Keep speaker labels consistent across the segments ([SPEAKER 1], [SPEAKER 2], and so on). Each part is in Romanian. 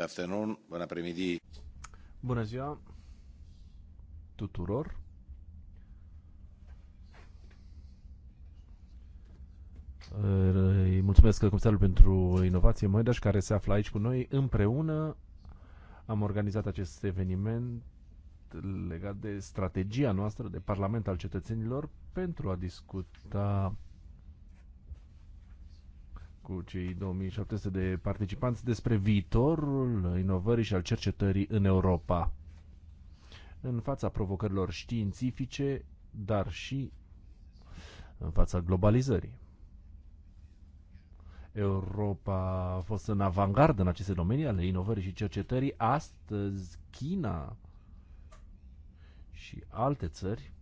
[SPEAKER 1] Good afternoon, bună primidi. Bună ziua tuturor. Îi mulțumesc Comisarului pentru Inovație Moedaș care se află aici cu noi. Împreună am organizat acest eveniment legat de strategia noastră de Parlament al cetățenilor pentru a discuta cu cei 2700 de participanți despre viitorul inovării și al cercetării în Europa. În fața provocărilor științifice, dar și în fața globalizării. Europa a fost în avangardă în aceste domenii ale inovării și cercetării. Astăzi, China și alte țări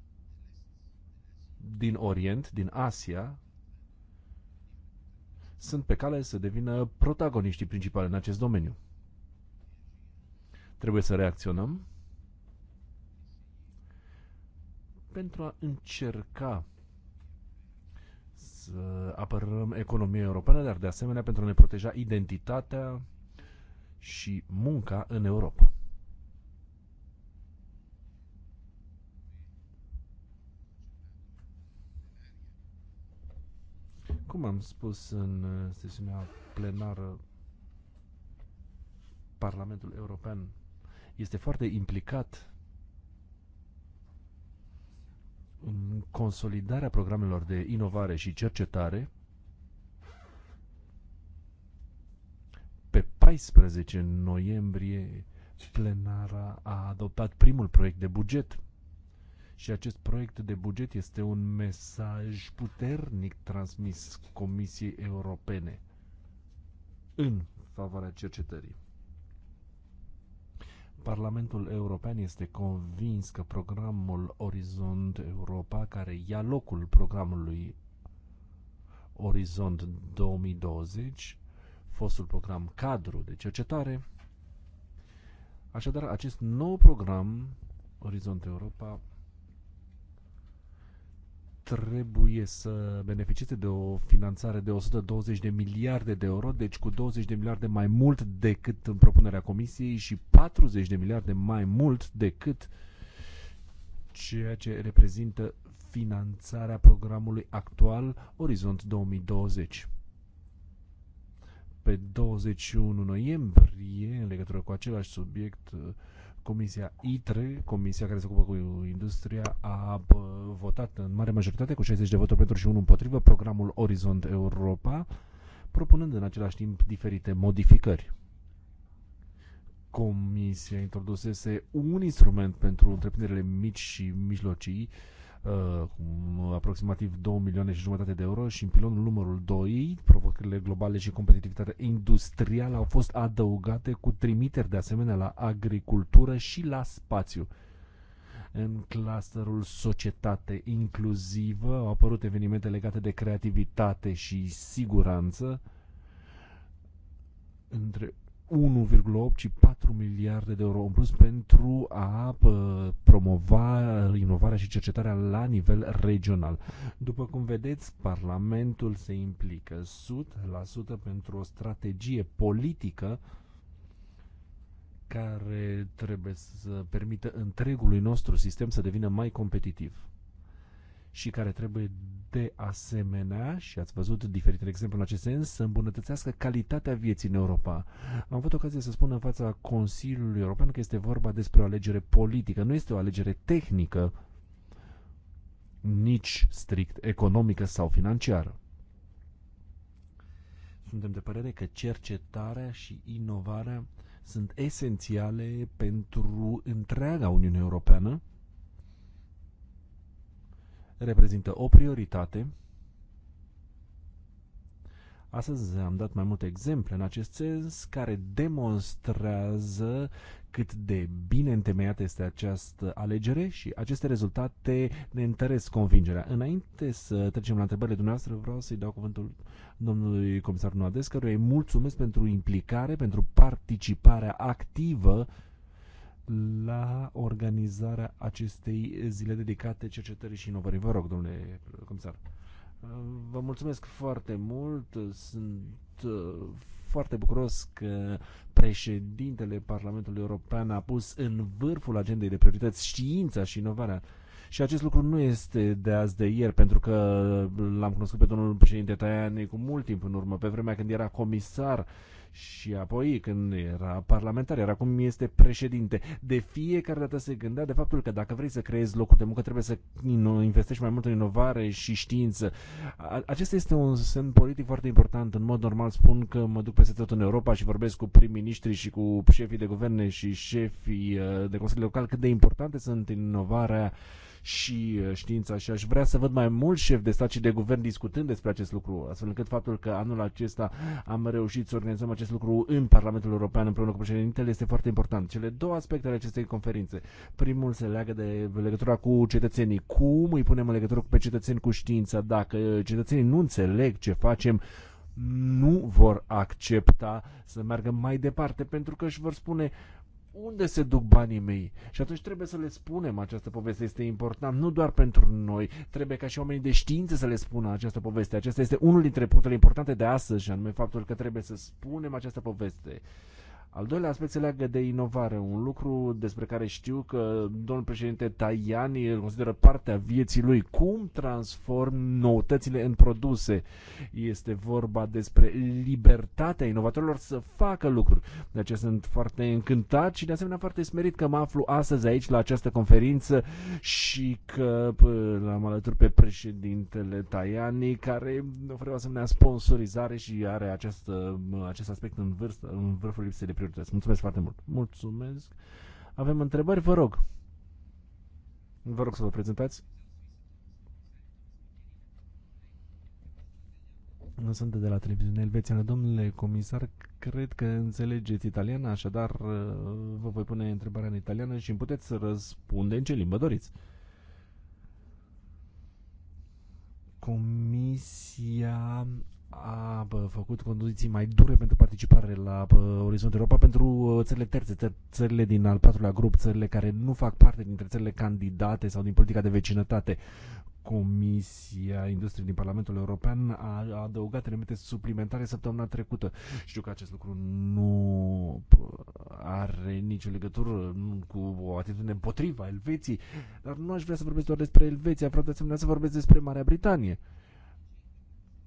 [SPEAKER 1] din Orient, din Asia, sunt pe cale să devină protagoniștii principali în acest domeniu. Trebuie să reacționăm pentru a încerca să apărăm economia europeană, dar de asemenea pentru a ne proteja identitatea și munca în Europa. Cum am spus în uh, sesiunea plenară, Parlamentul European este foarte implicat în consolidarea programelor de inovare și cercetare. Pe 14 noiembrie, plenara a adoptat primul proiect de buget și acest proiect de buget este un mesaj puternic transmis Comisiei Europene în favoarea cercetării. Parlamentul European este convins că programul Orizont Europa, care ia locul programului Orizont 2020, fostul program cadru de cercetare, așadar acest nou program Orizont Europa trebuie să beneficieze de o finanțare de 120 de miliarde de euro, deci cu 20 de miliarde mai mult decât în propunerea Comisiei și 40 de miliarde mai mult decât ceea ce reprezintă finanțarea programului actual Orizont 2020 pe 21 noiembrie, în legătură cu același subiect, Comisia ITRE, comisia care se ocupă cu industria, a uh, votat în mare majoritate, cu 60 de voturi pentru și unul împotrivă, programul Orizont Europa, propunând în același timp diferite modificări. Comisia introdusese un instrument pentru întreprinderile mici și mijlocii, uh, uh, aproximativ 2 milioane și jumătate de euro și în pilonul numărul 2, provocările globale și competitivitatea industrială au fost adăugate cu trimiteri de asemenea la agricultură și la spațiu. În clusterul societate inclusivă au apărut evenimente legate de creativitate și siguranță, între 1,8 și 4 miliarde de euro în plus pentru a promova inovarea și cercetarea la nivel regional. După cum vedeți, Parlamentul se implică 100% pentru o strategie politică care trebuie să permită întregului nostru sistem să devină mai competitiv și care trebuie de asemenea, și ați văzut diferite exemple în acest sens, să îmbunătățească calitatea vieții în Europa. Am avut ocazia să spun în fața Consiliului European că este vorba despre o alegere politică, nu este o alegere tehnică, nici strict economică sau financiară. Suntem de părere că cercetarea și inovarea sunt esențiale pentru întreaga Uniune Europeană reprezintă o prioritate. Astăzi am dat mai multe exemple în acest sens care demonstrează cât de bine întemeiată este această alegere și aceste rezultate ne întăresc convingerea. Înainte să trecem la întrebările dumneavoastră, vreau să-i dau cuvântul domnului comisar Nuades, căruia îi mulțumesc pentru implicare, pentru participarea activă la organizarea acestei zile dedicate cercetării și inovării. Vă rog, domnule comisar. Vă mulțumesc foarte mult. Sunt uh, foarte bucuros că președintele Parlamentului European a pus în vârful agendei de priorități știința și inovarea. Și acest lucru nu este de azi de ieri, pentru că l-am cunoscut pe domnul președinte Tajani cu mult timp în urmă, pe vremea când era comisar uh, și apoi când era parlamentar, era cum este președinte. De fiecare dată se gândea de faptul că dacă vrei să creezi locuri de muncă, trebuie să investești mai mult în inovare și știință. Acesta este un semn politic foarte important. În mod normal spun că mă duc peste tot în Europa și vorbesc cu prim-ministri și cu șefii de guverne și șefii uh, de consilii local cât de importante sunt inovarea uh, și uh, știința și aș vrea să văd mai mulți șefi de stat și de guvern discutând despre acest lucru, astfel încât faptul că anul acesta am reușit să organizăm acest lucru în Parlamentul European împreună cu președintele este foarte important. Cele două aspecte ale acestei conferințe. Primul se leagă de legătura cu cetățenii. Cum îi punem în legătură pe cetățeni cu știința? Dacă uh, cetățenii nu înțeleg ce facem, nu vor accepta să meargă mai departe pentru că își vor spune unde se duc banii mei? Și atunci trebuie să le spunem această poveste, este important nu doar pentru noi, trebuie ca și oamenii de știință să le spună această poveste. Acesta este unul dintre punctele importante de astăzi, și anume faptul că trebuie să spunem această poveste. Uh, al doilea aspect se leagă de inovare, un lucru despre care știu că domnul președinte Tajani îl consideră partea vieții lui. Cum transform noutățile în produse? Este vorba despre libertatea inovatorilor să facă lucruri. De aceea sunt foarte încântat și de asemenea foarte smerit că mă aflu astăzi aici la această conferință și că l-am alături pe președintele Tajani care oferă asemenea sponsorizare și are această, acest aspect în, vârstă, în vârful lipsei de priorități. Mulțumesc foarte mult. Mulțumesc. Avem întrebări? Vă rog. Vă rog să vă prezentați. Sunt de la televiziune elvețiană. Domnule comisar, cred că înțelegeți italiana, așadar uh, vă voi pune întrebarea în italiană și îmi puteți să răspunde în ce limbă doriți. Comisia a făcut condiții mai dure pentru participare la Orizont Europa pentru ă, țările terțe, țările din al patrulea grup, țările care nu fac parte dintre țările candidate sau din politica de vecinătate. Comisia Industriei din Parlamentul European a adăugat elemente suplimentare săptămâna trecută. Știu că acest lucru nu are nicio legătură cu o atitudine împotriva Elveției, dar nu aș vrea să vorbesc doar despre Elveția, vreau de asemenea să vorbesc despre Marea Britanie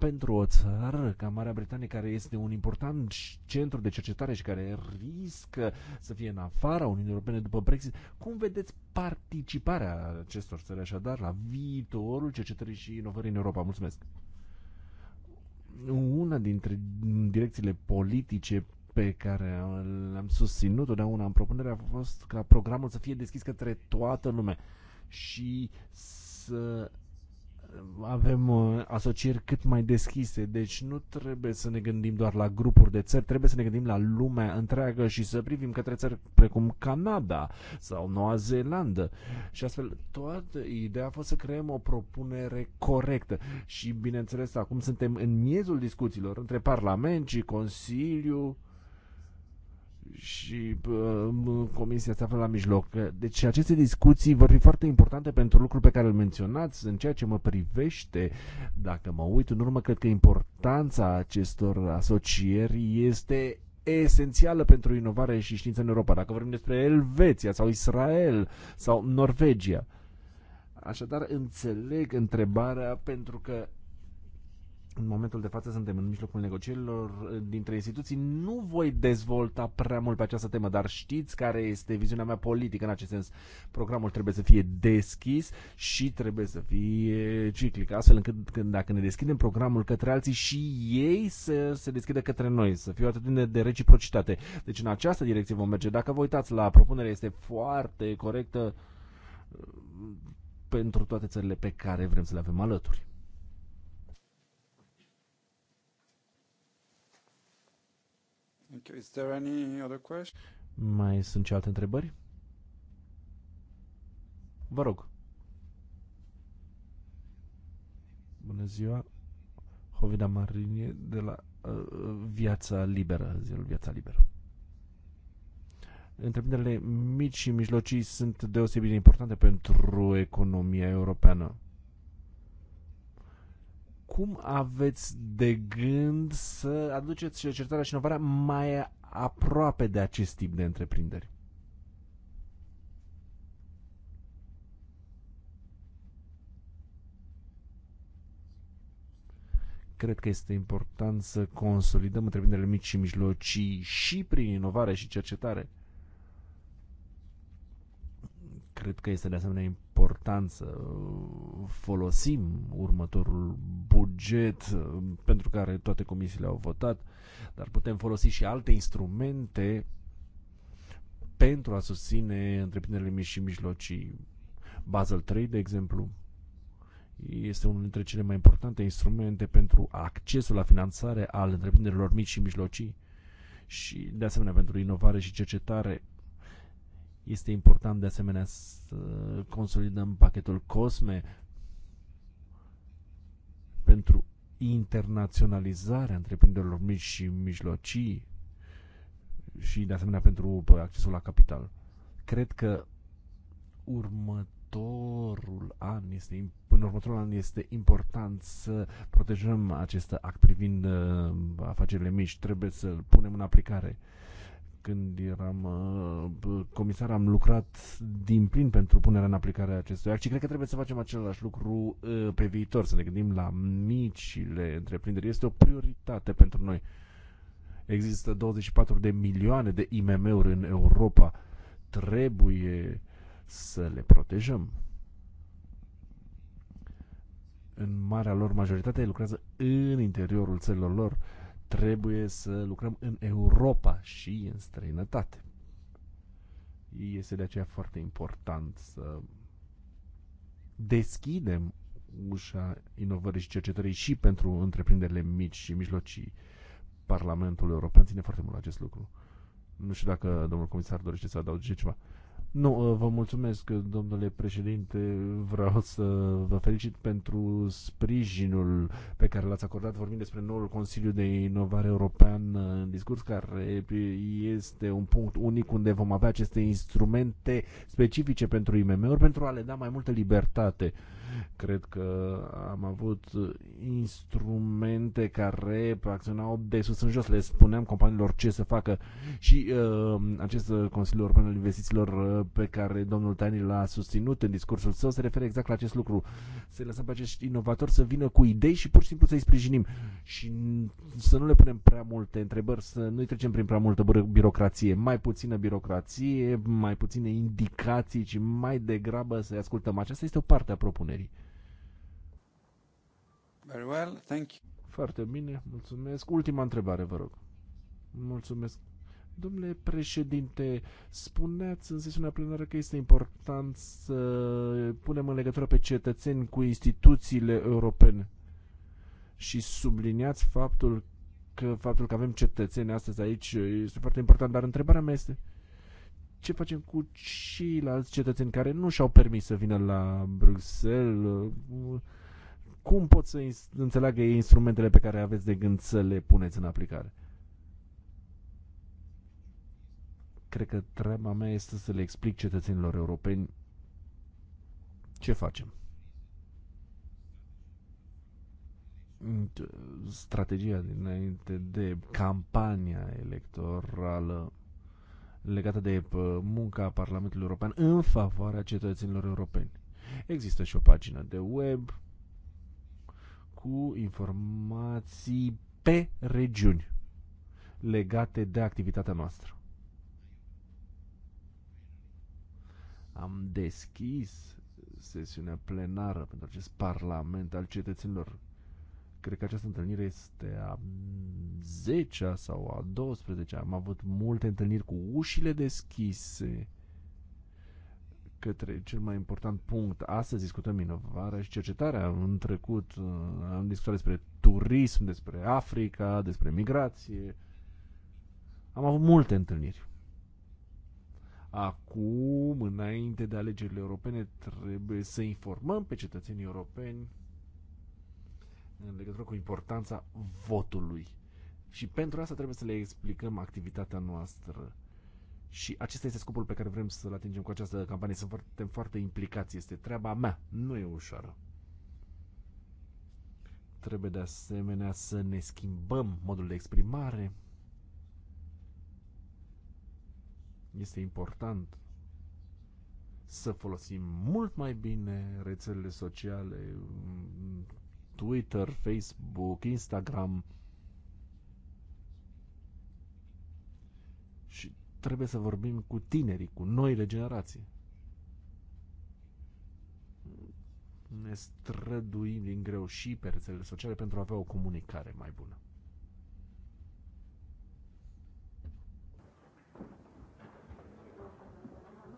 [SPEAKER 1] pentru o țară ca Marea Britanie, care este un important centru de cercetare și care riscă să fie în afara Uniunii Europene după Brexit, cum vedeți participarea acestor țări așadar la viitorul cercetării și inovării în Europa? Mulțumesc! Una dintre direcțiile politice pe care am susținut totdeauna în propunere a fost ca programul să fie deschis către toată lumea și să avem uh, asocieri cât mai deschise, deci nu trebuie să ne gândim doar la grupuri de țări, trebuie să ne gândim la lumea întreagă și să privim către țări precum Canada sau Noua Zeelandă. Și astfel, toată ideea a fost să creăm o propunere corectă. Și, bineînțeles, acum suntem în miezul discuțiilor între Parlament și Consiliu și uh, comisia se află la mijloc. Deci aceste discuții vor fi foarte importante pentru lucrul pe care îl menționați în ceea ce mă privește. Dacă mă uit în urmă, cred că importanța acestor asocieri este esențială pentru inovare și știință în Europa. Dacă vorbim despre Elveția sau Israel sau Norvegia. Așadar, înțeleg întrebarea pentru că în momentul de față suntem în mijlocul negocierilor dintre instituții. Nu voi dezvolta prea mult pe această temă, dar știți care este viziunea mea politică în acest sens. Programul trebuie să fie deschis și trebuie să fie ciclic, astfel încât când, dacă ne deschidem programul către alții și ei să se deschidă către noi, să fie o atitudine de reciprocitate. Deci în această direcție vom merge. Dacă vă uitați la propunere, este foarte corectă uh, pentru toate țările pe care vrem să le avem alături. Okay. Is there any other question? Mai sunt și alte întrebări? Vă rog. Bună ziua. Hovida Marinie de la uh, Viața Liberă, ziul Viața Liberă întreprinderile mici și mijlocii sunt deosebit de importante pentru economia europeană cum aveți de gând să aduceți cercetarea și inovarea mai aproape de acest tip de întreprinderi? Cred că este important să consolidăm întreprinderile mici și mijlocii și prin inovare și cercetare Cred că este de asemenea important să uh, folosim următorul buget uh, pentru care toate comisiile au votat, dar putem folosi și alte instrumente pentru a susține întreprinderile mici și mijlocii. Basel 3, de exemplu, este unul dintre cele mai importante instrumente pentru accesul la finanțare al întreprinderilor mici și mijlocii și, de asemenea, pentru inovare și cercetare este important de asemenea să consolidăm pachetul COSME pentru internaționalizarea întreprinderilor mici și mijlocii și de asemenea pentru accesul la capital. Cred că următorul an este în următorul an este important să protejăm acest act privind uh, afacerile mici. Trebuie să-l punem în aplicare. Uh, când eram uh, comisar, am lucrat din plin pentru punerea în aplicare a acestui act și cred că trebuie să facem același lucru uh, pe viitor, să ne gândim la micile întreprinderi. Este o prioritate pentru noi. Există 24 de milioane de IMM-uri în Europa. Trebuie să le protejăm. În marea lor majoritate lucrează în interiorul țărilor lor. Uh, trebuie să lucrăm în Europa și în străinătate. Este de aceea foarte important să deschidem ușa inovării și cercetării și pentru întreprinderile mici și mijlocii. Parlamentul European ține foarte mult la acest lucru. Nu știu dacă domnul comisar dorește să adauge ceva. Nu, uh, vă mulțumesc, domnule președinte. Vreau să vă felicit pentru sprijinul pe care l-ați acordat vorbind despre noul Consiliu de Inovare European uh, în discurs, care este un punct unic unde vom avea aceste instrumente specifice pentru IMM-uri pentru a le da mai multă libertate. Cred că am avut instrumente care acționau de sus în jos. Le spuneam companiilor ce să facă și uh, acest Consiliu European al Investițiilor uh, pe care domnul Tani l-a susținut în discursul său se referă exact la acest lucru. Să lăsăm pe acești inovatori să vină cu idei și pur și simplu să-i sprijinim și să nu le punem prea multe întrebări, să nu-i trecem prin prea multă birocrație. Mai puțină birocrație, mai puține indicații, ci mai degrabă să-i ascultăm. Aceasta este o parte a propunerii. Very well, thank you. Foarte bine, mulțumesc. Ultima întrebare, vă rog. Mulțumesc Domnule președinte, spuneați în sesiunea plenară că este important să punem în legătură pe cetățeni cu instituțiile europene și subliniați faptul că faptul că avem cetățeni astăzi aici este foarte important, dar întrebarea mea este ce facem cu ceilalți cetățeni care nu și-au permis să vină la Bruxelles? Cum pot să înțeleagă ei instrumentele pe care aveți de gând să le puneți în aplicare? Cred că treaba mea este să le explic cetățenilor europeni ce facem. Strategia dinainte de campania electorală legată de uh, munca Parlamentului European în favoarea cetățenilor europeni. Există și o pagină de web cu informații pe regiuni legate de activitatea noastră. am deschis sesiunea plenară pentru acest parlament al cetățenilor. Cred că această întâlnire este a 10-a sau a 12-a. Am avut multe întâlniri cu ușile deschise către cel mai important punct. Astăzi discutăm inovarea și cercetarea. În trecut uh, am discutat despre turism, despre Africa, despre migrație. Am avut multe întâlniri. Acum, înainte de alegerile europene, trebuie să informăm pe cetățenii europeni în legătură cu importanța votului. Și pentru asta trebuie să le explicăm activitatea noastră. Și acesta este scopul pe care vrem să-l atingem cu această campanie. Suntem foarte, foarte implicați. Este treaba mea. Nu e ușoară. Trebuie de asemenea să ne schimbăm modul de exprimare, Este important să folosim mult mai bine rețelele sociale, Twitter, Facebook, Instagram. Și trebuie să vorbim cu tinerii, cu noile generații. Ne străduim din greu și pe rețelele sociale pentru a avea o comunicare mai bună.